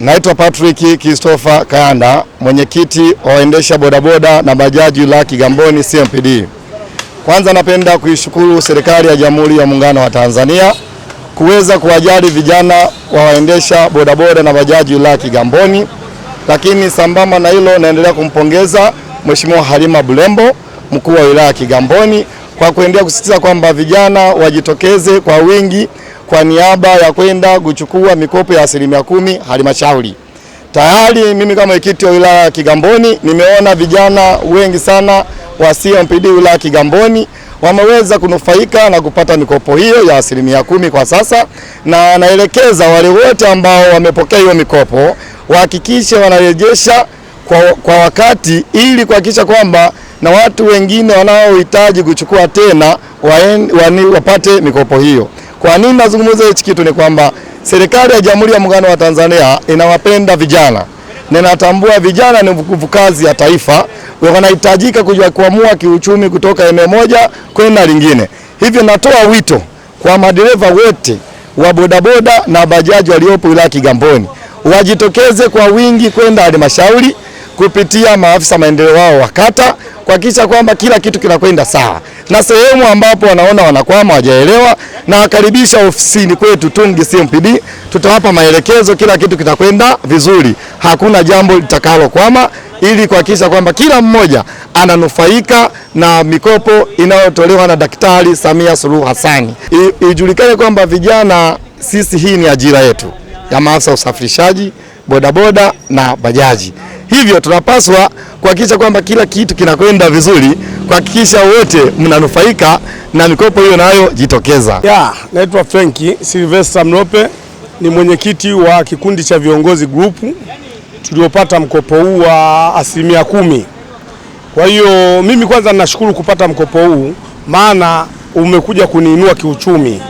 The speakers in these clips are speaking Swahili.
Naitwa Patrick Christopher Kayanda, mwenyekiti wa waendesha bodaboda na bajaji wilaya Kigamboni CMPD. Kwanza napenda kuishukuru serikali ya Jamhuri ya Muungano wa Tanzania kuweza kuwajali vijana wa waendesha bodaboda na bajaji wilaya Kigamboni, lakini sambamba na hilo naendelea kumpongeza Mheshimiwa Halima Bulembo, mkuu wa wilaya Kigamboni, kwa kuendelea kusisitiza kwamba vijana wajitokeze kwa wingi kwa niaba ya kwenda kuchukua mikopo ya asilimia kumi halmashauri. Tayari mimi kama mwenyekiti wa wilaya ya Kigamboni nimeona vijana wengi sana wa CMPD wilaya ya Kigamboni wameweza kunufaika na kupata mikopo hiyo ya asilimia kumi kwa sasa, na naelekeza wale wote ambao wamepokea hiyo mikopo wahakikishe wanarejesha kwa, kwa wakati ili kuhakikisha kwamba na watu wengine wanaohitaji kuchukua tena wani, wapate mikopo hiyo. Kwa nini nazungumza hichi kitu? Ni kwamba serikali ya Jamhuri ya Muungano wa Tanzania inawapenda vijana, ninatambua vijana ni nguvu kazi ya taifa, wanahitajika kujua kuamua kiuchumi kutoka eneo moja kwenda lingine. Hivyo natoa wito kwa madereva wote wa bodaboda na bajaji waliopo wilaya Kigamboni wajitokeze kwa wingi kwenda halmashauri kupitia maafisa maendeleo wao wa kata kuhakikisha kwamba kila kitu kinakwenda sawa, na sehemu ambapo wanaona wanakwama, wajaelewa na wakaribisha ofisini kwetu Tungi CMPD, tutawapa maelekezo, kila kitu kitakwenda vizuri, hakuna jambo litakalokwama, ili kuhakikisha kwamba kila mmoja ananufaika na mikopo inayotolewa na Daktari Samia Suluhu Hassan. Ijulikane kwamba vijana sisi, hii ni ajira yetu ya maafisa usafirishaji, bodaboda na bajaji. Hivyo tunapaswa kuhakikisha kwamba kila kitu kinakwenda vizuri, kuhakikisha wote mnanufaika na mikopo hiyo inayojitokeza. Yeah, naitwa Frenki Silvesta Mlope, ni mwenyekiti wa kikundi cha viongozi grupu tuliopata mkopo huu wa asilimia kumi. Kwa hiyo mimi kwanza ninashukuru kupata mkopo huu, maana umekuja kuniinua kiuchumi,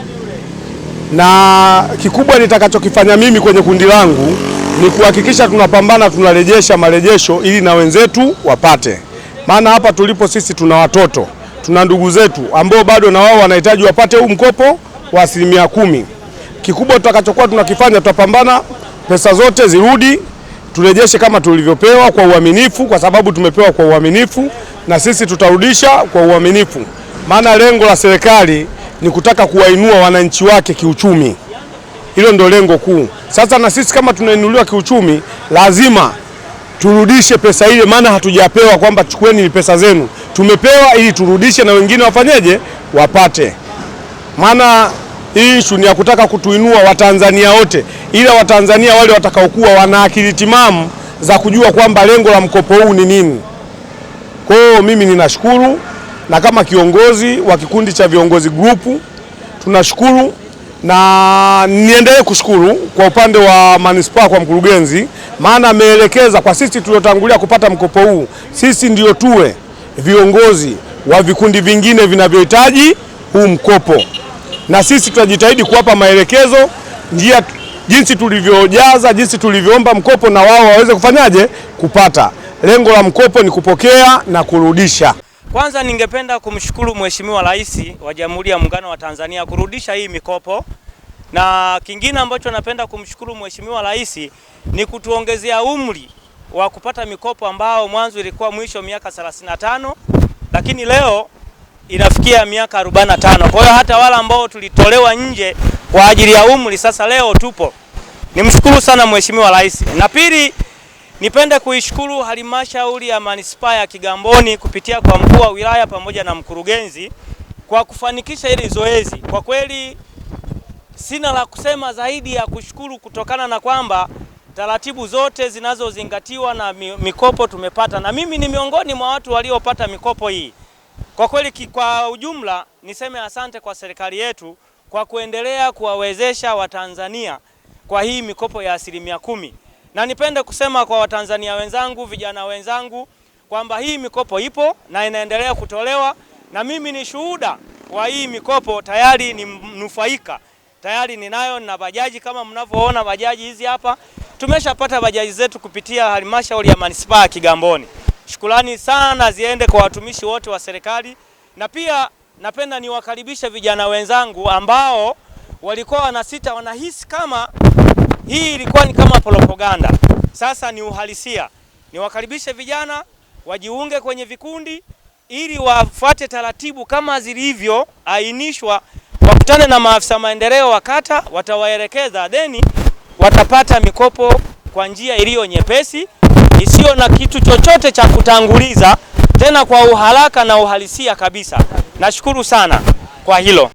na kikubwa nitakachokifanya mimi kwenye kundi langu ni kuhakikisha tunapambana, tunarejesha marejesho ili na wenzetu wapate, maana hapa tulipo sisi tuna watoto, tuna ndugu zetu ambao bado na wao wanahitaji wapate huu mkopo wa asilimia kumi. Kikubwa tutakachokuwa tunakifanya, tutapambana pesa zote zirudi, turejeshe kama tulivyopewa kwa uaminifu, kwa sababu tumepewa kwa uaminifu na sisi tutarudisha kwa uaminifu, maana lengo la serikali ni kutaka kuwainua wananchi wake kiuchumi. Hilo ndio lengo kuu. Sasa na sisi kama tunainuliwa kiuchumi, lazima turudishe pesa ile, maana hatujapewa kwamba chukueni pesa zenu. Tumepewa ili turudishe na wengine wafanyeje, wapate. Maana hii issue ni ya kutaka kutuinua Watanzania wote, ila Watanzania wale watakaokuwa wana akili timamu za kujua kwamba lengo la mkopo huu ni nini. Kwa hiyo mimi ninashukuru, na kama kiongozi wa kikundi cha viongozi grupu tunashukuru na niendelee kushukuru kwa upande wa manispaa kwa mkurugenzi, maana ameelekeza kwa sisi tuliotangulia kupata mkopo huu, sisi ndio tuwe viongozi wa vikundi vingine vinavyohitaji huu mkopo, na sisi tutajitahidi kuwapa maelekezo njia, jinsi tulivyojaza, jinsi tulivyoomba mkopo, na wao waweze kufanyaje kupata. Lengo la mkopo ni kupokea na kurudisha. Kwanza ningependa kumshukuru Mheshimiwa Rais wa Jamhuri ya Muungano wa Tanzania kurudisha hii mikopo, na kingine ambacho napenda kumshukuru Mheshimiwa Rais ni kutuongezea umri wa kupata mikopo ambao mwanzo ilikuwa mwisho miaka 35 lakini leo inafikia miaka 45. Kwa hiyo hata wale ambao tulitolewa nje kwa ajili ya umri sasa leo tupo. Nimshukuru sana Mheshimiwa Rais. Na pili Nipende kuishukuru halmashauri ya manispaa ya Kigamboni kupitia kwa mkuu wa wilaya pamoja na mkurugenzi kwa kufanikisha hili zoezi. Kwa kweli sina la kusema zaidi ya kushukuru kutokana na kwamba taratibu zote zinazozingatiwa na mikopo tumepata, na mimi ni miongoni mwa watu waliopata mikopo hii. Kwa kweli, kwa ujumla niseme asante kwa serikali yetu kwa kuendelea kuwawezesha Watanzania kwa hii mikopo ya asilimia kumi. Na nipende kusema kwa Watanzania wenzangu, vijana wenzangu, kwamba hii mikopo ipo na inaendelea kutolewa, na mimi ni shuhuda wa hii mikopo, tayari ni mnufaika, tayari ninayo na bajaji. Kama mnavyoona bajaji hizi hapa, tumeshapata bajaji zetu kupitia halmashauri ya manispaa ya Kigamboni. Shukrani sana ziende kwa watumishi wote wa serikali, na pia napenda niwakaribishe vijana wenzangu ambao walikuwa wanasita, wanahisi kama hii ilikuwa ni kama propaganda, sasa ni uhalisia. Niwakaribishe vijana wajiunge kwenye vikundi ili wafuate taratibu kama zilivyo ainishwa, wakutane na maafisa maendeleo wa kata, watawaelekeza deni watapata mikopo kwa njia iliyo nyepesi isiyo na kitu chochote cha kutanguliza, tena kwa uharaka na uhalisia kabisa. Nashukuru sana kwa hilo.